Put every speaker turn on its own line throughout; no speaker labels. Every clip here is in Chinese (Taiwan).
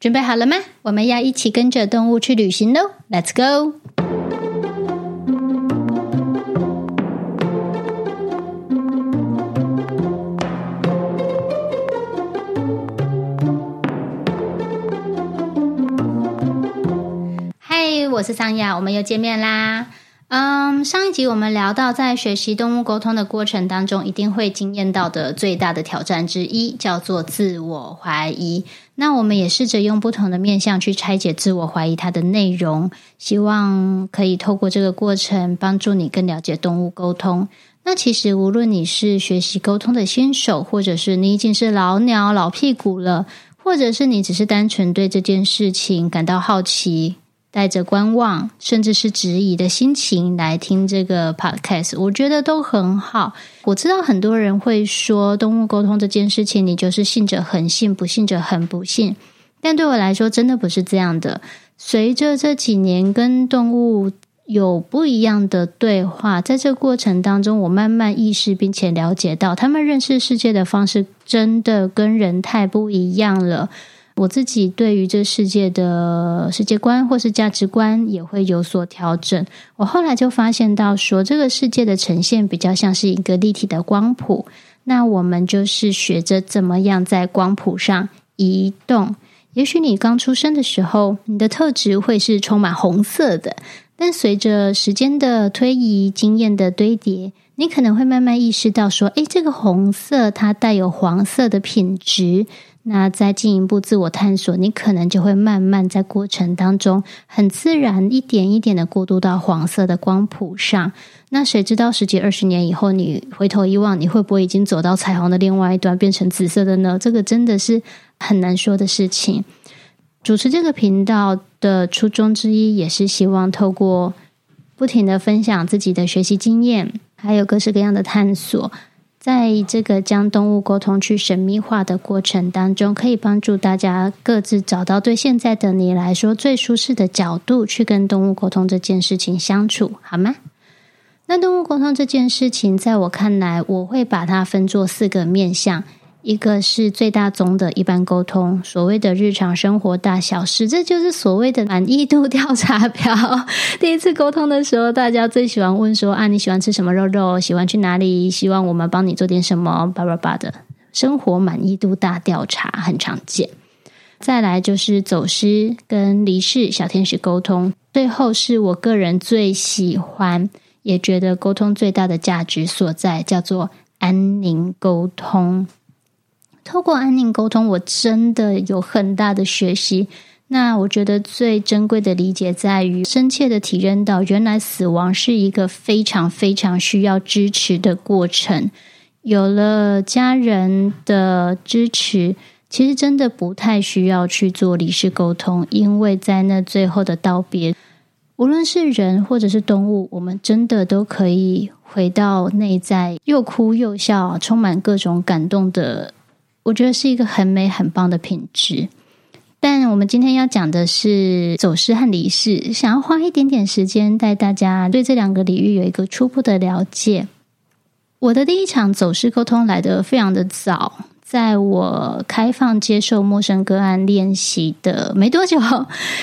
準備好了嗎？我們要一起跟着動物去旅行嘍！Let's go！嗨，我是桑雅，我們又見面啦！嗯，um, 上一集我們聊到，在學習動物溝通的過程當中，一定會經驗到的最大的挑戰之一叫做自我懷疑。那我們也試着用不同的面向去拆解自我懷疑它的內容，希望可以透過這個過程幫助你更了解動物溝通。那其實無論你是學習溝通的新手，或者是你已經是老鳥、老屁股了，或者是你只是單純對這件事情感到好奇。帶着觀望甚至是質疑的心情來聽這個 podcast，我覺得都很好。我知道很多人會說動物溝通這件事情，你就是信者恆信，不信者恆不信。但對我來說，真的不是這樣的。隨着這幾年跟動物有不一樣的對話，在這過程當中，我慢慢意識並且了解到，他們認識世界的方式真的跟人太不一樣了。我自己對於這世界的世界觀或是價值觀也會有所調整。我後來就發現到說，這個世界的呈現比較像是一個立體的光譜。那我們就是學着怎麼樣在光譜上移動。也許你剛出生的時候，你的特質會是充滿紅色的，但隨着時間的推移、經驗的堆疊，你可能會慢慢意識到說：“誒，這個紅色它帶有黃色的品質。”那再進一步自我探索，你可能就會慢慢在過程當中很自然一點一點的過渡到黃色的光譜上。那誰知道十幾二十年以後，你回頭一望，你會不會已經走到彩虹的另外一端，變成紫色的呢？這個真的是很難說的事情。主持這個頻道的初衷之一，也是希望透過不停的分享自己的學習經驗，還有各式各樣的探索。在這個將動物溝通去神秘化的過程當中，可以幫助大家各自找到對現在的你來說最舒適的角度去跟動物溝通這件事情相處，好嗎？那動物溝通這件事情，在我看來，我會把它分作四個面向。一個是最大宗的一般溝通，所謂的日常生活大小事，這就是所謂的滿意度調查表。 第一次溝通的時候，大家最喜歡問說：“啊，你喜歡吃什麼肉肉？喜歡去哪裡？希望我們幫你做點什麼？”叭叭叭的生活滿意度大調查很常見。再來就是走失跟離世小天使溝通，最後是我個人最喜歡，也覺得溝通最大的價值所在，叫做安寧溝通。透過安寧溝通，我真的有很大的學習。那我覺得最珍貴的理解在於深切的體認到，原來死亡是一個非常非常需要支持的過程。有了家人的支持，其實真的不太需要去做離世溝通，因為在那最後的道別，無論是人或者是動物，我們真的都可以回到內在，又哭又笑，充滿各種感動的。我覺得是一個很美、很棒的品質。但我們今天要講的是走失和離世，想要花一點點時間帶大家對這兩個領域有一個初步的了解。我的第一場走失溝通來得非常的早。在我開放接受陌生個案練習的沒多久，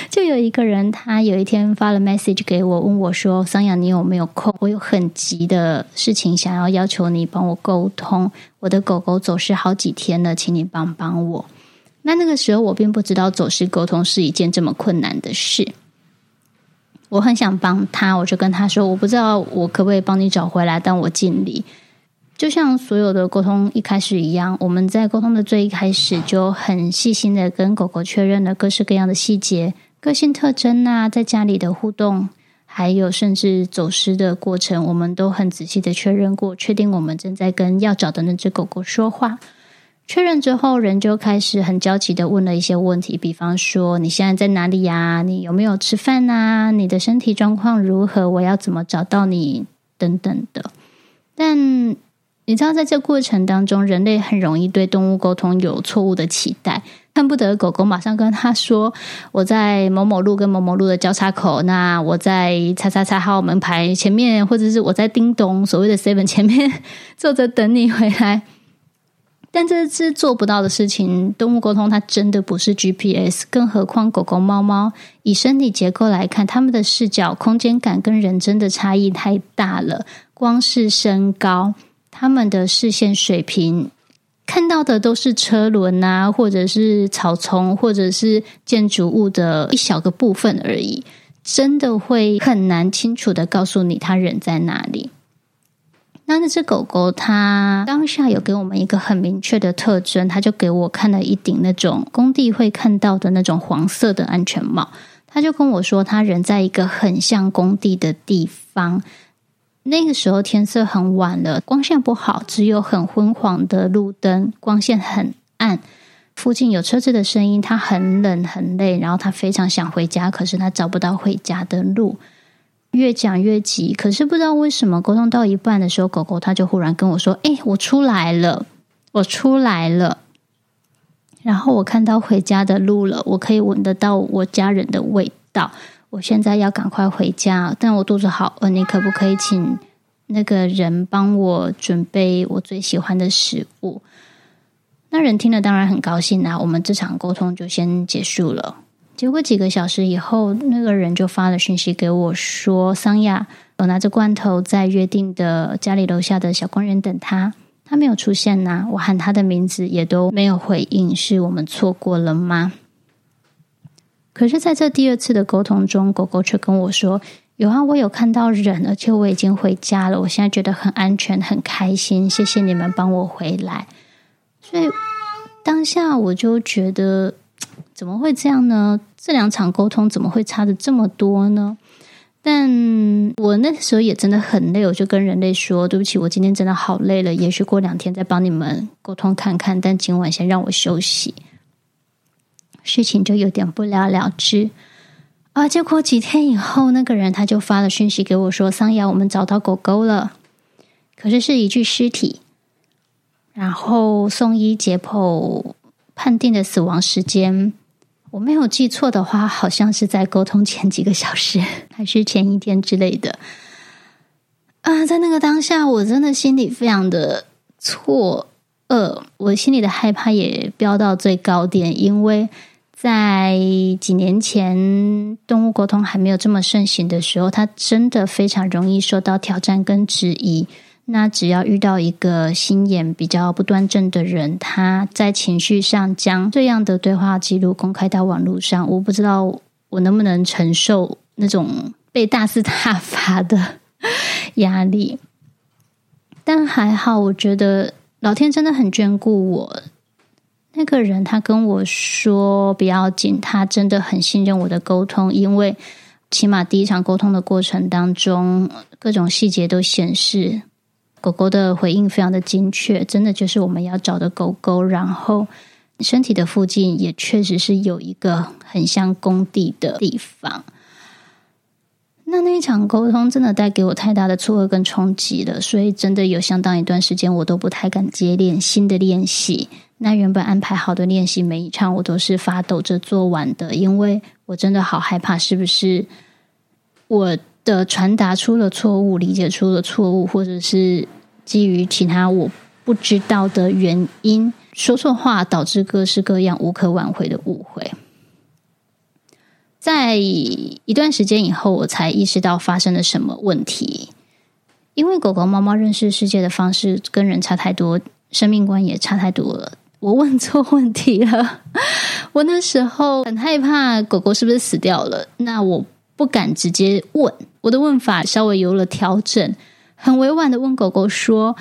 就有一個人，他有一天發了 message 給我，問我說：“桑雅，你有沒有空？我有很急的事情，想要要求你幫我溝通，我的狗狗走失好幾天了，請你幫幫我。”那那個時候，我並不知道走失溝通是一件這麼困難的事，我很想幫他，我就跟他說：“我不知道我可不可以幫你找回來，但我盡力。”就像所有的溝通一開始一樣，我們在溝通的最一開始就很細心的跟狗狗確認了各式各樣的細節、個性特徵啊，在家裡的互動，還有甚至走失的過程，我們都很仔細的確認過，確定我們正在跟要找的那隻狗狗說話。確認之後，人就開始很焦急的問了一些問題，比方說，你現在在哪裡呀？你有沒有吃飯吶？你的身體狀況如何？我要怎麼找到你？等等的。但你知道，在這過程當中，人類很容易對動物溝通有錯誤的期待，恨不得狗狗馬上跟他說：“我在某某路跟某某路的交叉口，那我在叉叉叉號門牌前面，或者是我在叮咚所謂的 seven 前面坐着等你回來。”但這是做不到的事情。動物溝通它真的不是 GPS，更何況狗狗貓貓、貓貓以身體結構來看，他們的視角、空間感跟人真的差異太大了，光是身高。他們的視線水平，看到的都是車輪啊，或者是草叢，或者是建築物的一小個部分而已，真的會很難清楚地告訴你他人在哪裡。那那只狗狗它當下有給我們一個很明確的特徵，它就給我看了一頂那種工地會看到的那種黃色的安全帽。它就跟我說他人在一個很像工地的地方。那個時候天色很晚了，光線不好，只有很昏黃的路燈，光線很暗。附近有車子的聲音，他很冷很累，然後他非常想回家，可是他找不到回家的路。越講越急，可是不知道為什麼，溝通到一半的時候，狗狗他就忽然跟我說：“欸，我出來了，我出來了。”然後我看到回家的路了，我可以聞得到我家人的味道。我現在要趕快回家，但我肚子好餓，哦，你可不可以請那個人幫我準備我最喜歡的食物？那人聽了當然很高興啊，我們這場溝通就先結束了。結果幾個小時以後，那個人就發了訊息給我，說：“桑雅，我拿着罐頭在約定的家裡樓下的小公園等他，他沒有出現吶、啊，我喊他的名字也都沒有回應，是我們錯過了嗎？”可是，在這第二次的溝通中，狗狗卻跟我說：“有啊，我有看到人了，而且我已經回家了。我現在覺得很安全，很開心。謝謝你們幫我回來。”所以當下我就覺得，怎麼會這樣呢？這兩場溝通怎麼會差得這麼多呢？但我那時候也真的很累，我就跟人類說：“對不起，我今天真的好累了，也許過兩天再幫你們溝通看看，但今晚先讓我休息。”事情就有點不了了之，啊結果幾天以後，那個人他就發了訊息給我說，說桑雅，我們找到狗狗了，可是是一具屍體。然後送醫解剖，判定的死亡時間，我沒有記錯的話，好像是在溝通前幾個小時，還是前一天之類的。啊，在那個當下，我真的心裡非常的錯愕，我心裡的害怕也飆到最高點，因為。在幾年前，動物溝通還沒有這麼盛行的時候，它真的非常容易受到挑戰跟質疑。那只要遇到一個心眼比較不端正的人，他在情緒上將這樣的對話記錄公開到網絡上，我不知道我能不能承受那種被大肆撻伐的壓力。但還好，我覺得老天真的很眷顧我。那個人他跟我說不要緊，他真的很信任我的溝通，因為起碼第一場溝通的過程當中，各種細節都顯示狗狗的回應非常的精確，真的就是我們要找的狗狗。然後身體的附近也確實是有一個很像工地的地方。那那一場溝通真的帶給我太大的錯愕跟衝擊了，所以真的有相當一段時間我都不太敢接練新的練習。那原本安排好的練習，每一場我都是發抖着做完的，因為我真的好害怕，是不是我的傳達出了錯誤，理解出了錯誤，或者是基於其他我不知道的原因說錯話，導致各式各樣無可挽回的誤會。在一段時間以後，我才意識到發生了什麼問題，因為狗狗、貓貓認識世界的方式跟人差太多，生命觀也差太多了。我問錯問題了。 我那時候很害怕狗狗是不是死掉了，那我不敢直接問。我的問法稍微有了調整，很委婉地問狗狗說：“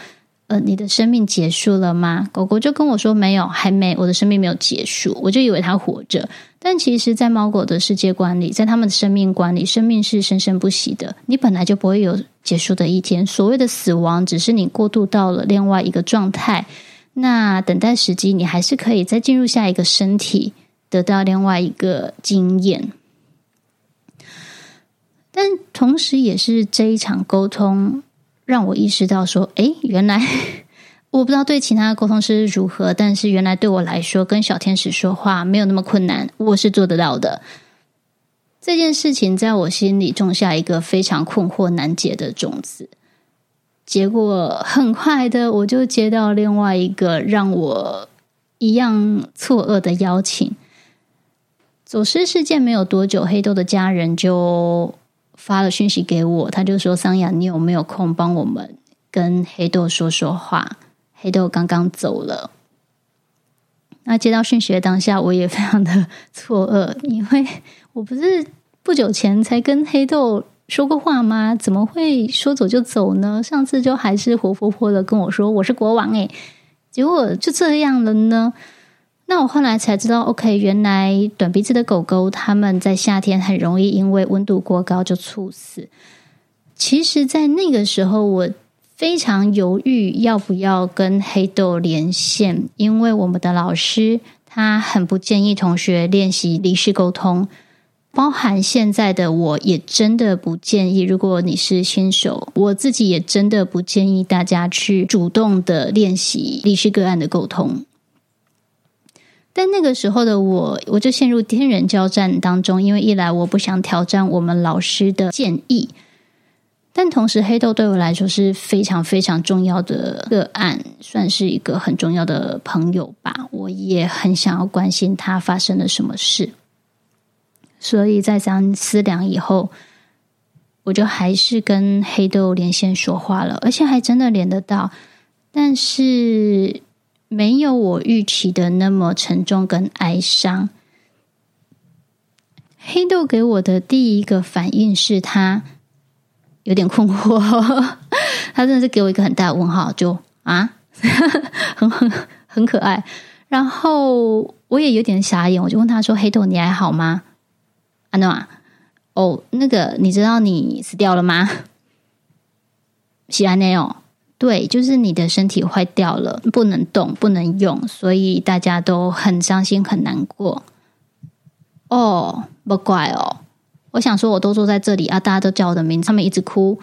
呃，你的生命結束了嗎？”狗狗就跟我說：“沒有，還沒，我的生命沒有結束。”我就以為它活着，但其實，在貓狗的世界觀裡，在它們的生命觀裡，生命是生生不息的。你本來就不會有結束的一天。所謂的死亡，只是你過渡到了另外一個狀態。那等待時機，你還是可以再進入下一個身體，得到另外一個經驗。但同時也是這一場溝通，讓我意識到說：誒，原來我不知道對其他的溝通是如何，但是原來對我來說，跟小天使說話沒有那麼困難，我是做得到的。這件事情在我心裡種下一個非常困惑難解的種子。結果很快的，我就接到另外一個讓我一樣錯愕的邀請。走失事件沒有多久，黑豆的家人就發了訊息給我，他就說：“桑雅，你有沒有空幫我們跟黑豆說說話？黑豆剛剛走了。”那接到訊息的當下，我也非常的錯愕，因為我不是不久前才跟黑豆。說過話嗎？怎麼會說走就走呢？上次就還是活潑潑的跟我說我是國王誒，結果就這樣了呢。那我後來才知道，OK，原來短鼻子的狗狗它們在夏天很容易因為溫度過高就猝死。其實，在那個時候，我非常猶豫要不要跟黑豆連線，因為我們的老師他很不建議同學練習離世溝通。包含現在的我，也真的不建議。如果你是新手，我自己也真的不建議大家去主動的練習離世個案的溝通。但那個時候的我，我就陷入天人交戰當中，因為一來我不想挑戰我們老師的建議，但同時黑豆對我來說是非常非常重要的個案，算是一個很重要的朋友吧。我也很想要關心他發生了什麼事。所以在這樣思量以後，我就還是跟黑豆連線說話了，而且還真的連得到，但是沒有我預期的那麼沉重跟哀傷。黑豆給我的第一個反應是他有點困惑，呵呵，他真的是給我一個很大的問號，就啊， 很很很可愛。然後我也有點傻眼，我就問他說：“黑豆，你還好嗎？”安娜、啊，哦，那個你知道你死掉了嗎？是這樣哦，對，就是你的身體壞掉了，不能動，不能用，所以大家都很傷心，很難過。哦，不怪哦，我想說我都坐在這裡啊，大家都叫我的名字，他們一直哭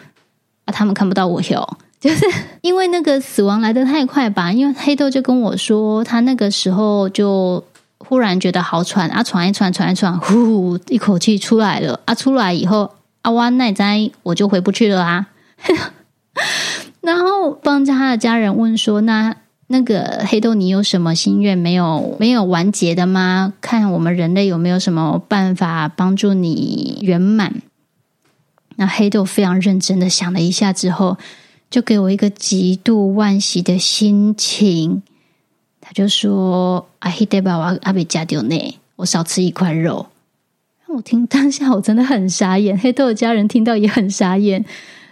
啊，他們看不到我喲，就是因為那個死亡來得太快吧？因為黑豆就跟我說，他那個時候就。忽然覺得好喘啊，喘一喘，喘一喘，呼，呼，一口氣出來了啊！出來以後，啊哇，奈哉，我就回不去了啊！ 然後，幫着他的家人問說：“那那個黑豆，你有什麼心願沒有？沒有完結的嗎？看我們人類有沒有什麼辦法幫助你圓滿？”那黑豆非常認真的想了一下之後，就給我一個極度惋惜的心情。他就說：“阿黑豆爸爸阿比加丟內，我少吃一塊肉。”我聽當下我真的很傻眼，黑豆的家人聽到也很傻眼。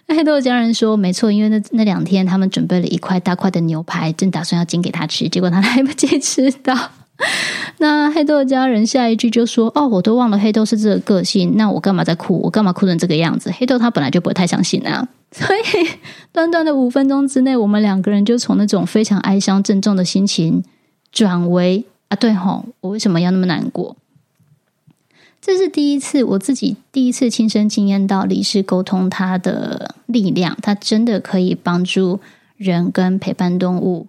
黑豆的家人說：“沒錯，因為那那兩天他們準備了一塊大塊的牛排，正打算要煎給他吃，結果他來不及吃到。” 那黑豆的家人下一句就說：“哦，我都忘了黑豆是這個個性，那我幹嘛在哭？我幹嘛哭成這個樣子？”黑豆他本來就不會太相信啊，所以短短的五分鐘之內，我們兩個人就從那種非常哀傷、鄭重的心情，轉為啊，對吼，我為什麼要那麼難過？這是第一次，我自己第一次親身經驗到離世溝通他的力量，他真的可以幫助人跟陪伴動物。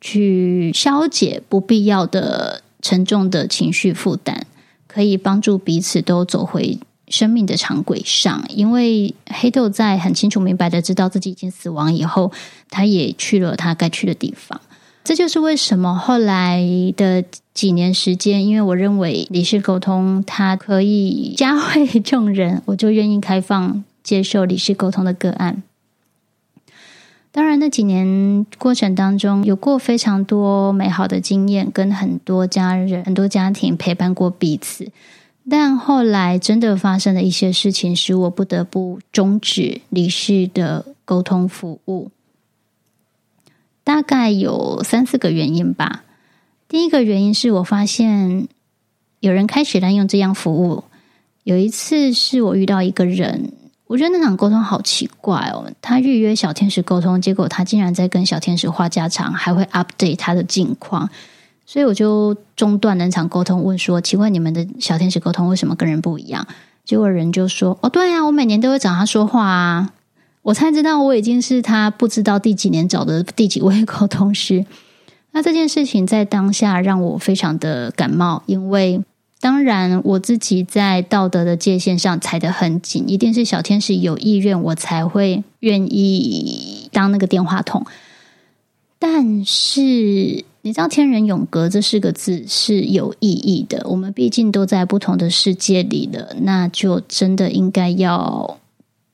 去消解不必要的沉重的情緒負擔，可以幫助彼此都走回生命的常軌上。因為黑豆在很清楚明白的知道自己已經死亡以後，他也去了他該去的地方。這就是為什麼後來的幾年時間，因為我認為離世溝通它可以教會眾人，我就願意開放接受離世溝通的個案。當然，那幾年過程當中有過非常多美好的經驗，跟很多家人、很多家庭陪伴過彼此。但後來真的發生了一些事情，使我不得不終止離世的溝通服務。大概有三四個原因吧。第一個原因是我發現有人開始濫用這項服務。有一次是我遇到一個人。我覺得那場溝通好奇怪哦，他預約小天使溝通，結果他竟然在跟小天使話家常，還會 update 他的近況，所以我就中斷那場溝通，問說：請問你們的小天使溝通為什麼跟人不一樣？結果人就說：哦，對啊，我每年都會找他說話啊。我才知道我已經是他不知道第幾年找的第幾位溝通師。那這件事情在當下讓我非常的感冒，因為。當然，我自己在道德的界限上踩得很緊，一定是小天使有意願，我才會願意當那個電話筒。但是，你知道“天人永隔”這四個字是有意義的，我們畢竟都在不同的世界裡了，那就真的應該要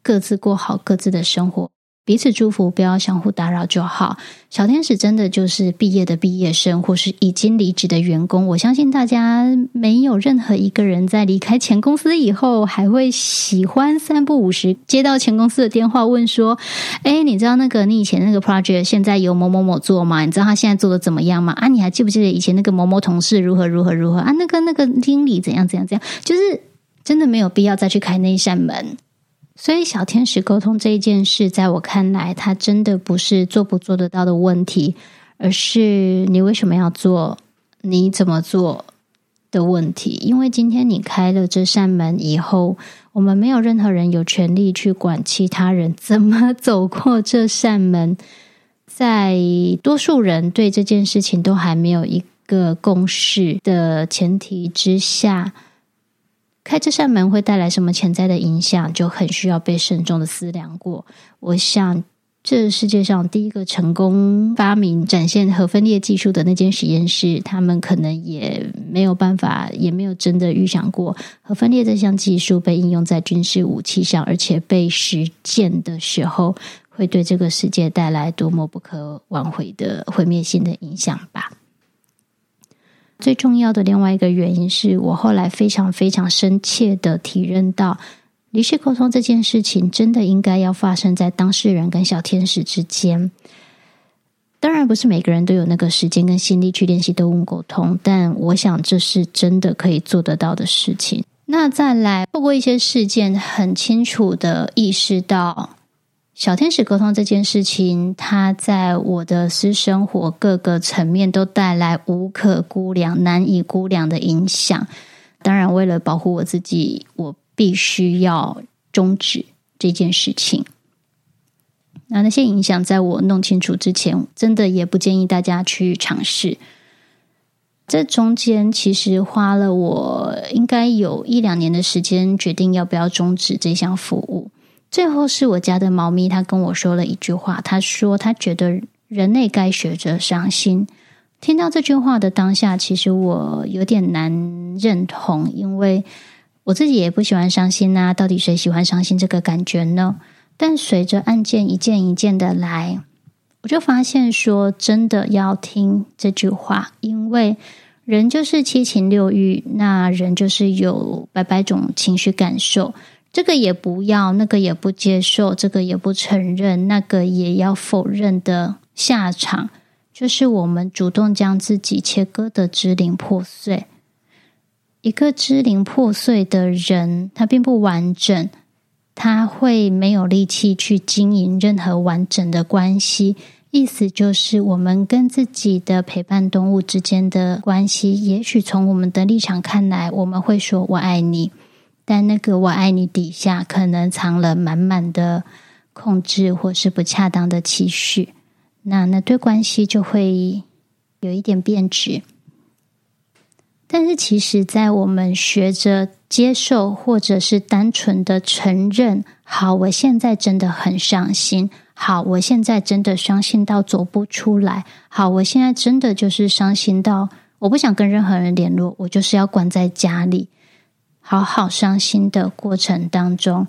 各自過好各自的生活。彼此祝福，不要相互打擾就好。小天使真的就是畢業的畢業生，或是已經離職的員工。我相信大家沒有任何一個人在離開前公司以後，還會喜歡三不五時接到前公司的電話問說：“哎，你知道那個你以前那個 project 現在由某某某做嗎？你知道他現在做的怎麼樣嗎？啊，你還記不記得以前那個某某同事如何如何如何啊？那個那個經理怎樣怎樣怎樣？就是真的沒有必要再去開那一扇門。”所以，小天使溝通這一件事，在我看來，它真的不是做不做得到的問題，而是你為什麼要做、你怎麼做的問題。因為今天你開了這扇門以後，我們沒有任何人有權利去管其他人怎麼走過這扇門。在多數人對這件事情都還沒有一個共識的前提之下。開這扇門會帶來什麼潛在的影響，就很需要被慎重的思量過。我想，這世界上第一個成功發明展現核分裂技術的那間實驗室，他們可能也沒有辦法，也沒有真的預想過核分裂這項技術被應用在軍事武器上，而且被實踐的時候，會對這個世界帶來多麼不可挽回的毀滅性的影響吧。最重要的另外一個原因是我後來非常非常深切地體認到，離世溝通這件事情真的應該要發生在當事人跟小天使之間。當然，不是每個人都有那個時間跟心力去練習動物溝通，但我想這是真的可以做得到的事情。那再來透過一些事件，很清楚地意識到。小天使溝通這件事情，它在我的私生活各個層面都帶來無可估量、難以估量的影響。當然，為了保護我自己，我必須要終止這件事情。那那些影響，在我弄清楚之前，真的也不建議大家去嘗試。這中間其實花了我應該有一兩年的時間，決定要不要終止這項服務。最後是我家的貓咪，它跟我說了一句話。他說他覺得人類該學着傷心。聽到這句話的當下，其實我有點難認同，因為我自己也不喜歡傷心啊。到底誰喜歡傷心這個感覺呢？但隨着案件一件一件的來，我就發現說真的要聽這句話，因為人就是七情六欲，那人就是有百百種情緒感受。這個也不要，那個也不接受，這個也不承認，那個也要否認的下場，就是我們主動將自己切割的支離破碎。一個支離破碎的人，他並不完整，他會沒有力氣去經營任何完整的關係。意思就是，我們跟自己的陪伴動物之間的關係，也許從我們的立場看來，我們會說“我愛你”。但那個“我愛你”底下，可能藏了滿滿的控制，或是不恰當的期許。那那對關係就會有一點變質。但是，其實，在我們學着接受，或者是單純的承認，好，我現在真的很傷心。好，我現在真的傷心到走不出來。好，我現在真的就是傷心到我不想跟任何人聯絡，我就是要關在家裡。好好傷心的過程當中，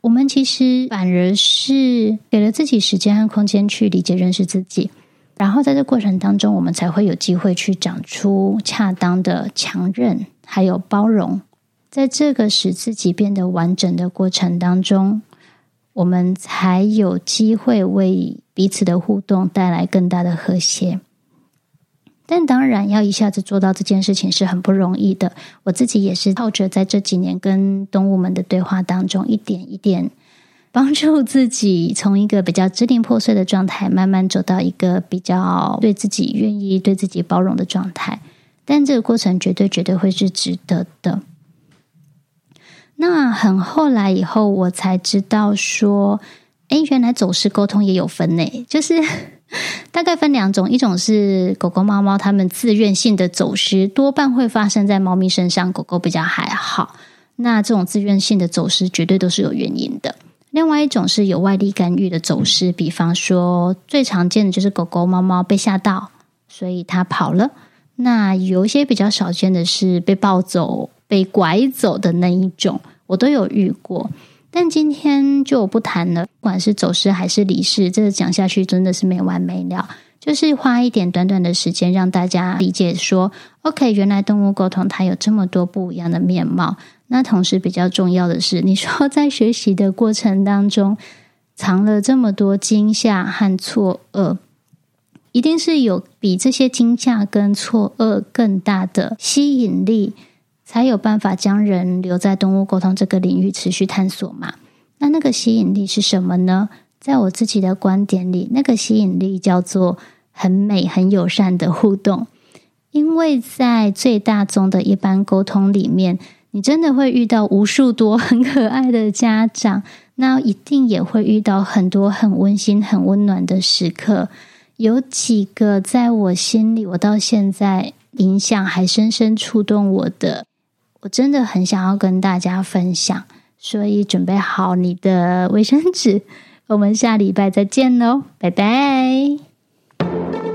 我們其實反而是給了自己時間和空間去理解、認識自己，然後在這過程當中，我們才會有機會去長出恰當的強韌，還有包容。在這個使自己變得完整的過程當中，我們才有機會為彼此的互動帶來更大的和諧。但當然，要一下子做到這件事情是很不容易的。我自己也是靠着、er、在這幾年跟動物們的對話當中，一點一點幫助自己，從一個比較支離破碎的狀態，慢慢走到一個比較對自己願意、對自己包容的狀態。但這個過程絕對、絕對會是值得的。那很後來以後，我才知道說，誒，原來走失溝通也有分類，就是。大概分兩種，一種是狗狗、貓貓它們自願性的走失，多半會發生在貓咪身上，狗狗比較還好。那這種自願性的走失，絕對都是有原因的。另外一種是有外力干預的走失，比方說最常見的就是狗狗、貓貓被嚇到，所以它跑了。那有一些比較少見的是被抱走、被拐走的那一種，我都有遇過。但今天就我不談了。不管是走失還是離世，這個、講下去真的是沒完沒了。就是花一點短短的時間，讓大家理解說：OK，原來動物溝通它有這麼多不一樣的面貌。那同時比較重要的是，你說在學習的過程當中，藏了這麼多驚嚇和錯愕，一定是有比這些驚嚇跟錯愕更大的吸引力。才有辦法將人留在動物溝通這個領域持續探索嘛。那那個吸引力是什麼呢？在我自己的觀點裡，那個吸引力叫做很美、很友善的互動。因為在最大宗的一般溝通裡面，你真的會遇到無數多很可愛的家長，那一定也會遇到很多很溫馨、很溫暖的時刻。有幾個在我心裡，我到現在影響還深深觸動我的。我真的很想要跟大家分享，所以準備好你的衛生紙，我們下禮拜再見嘍，拜拜。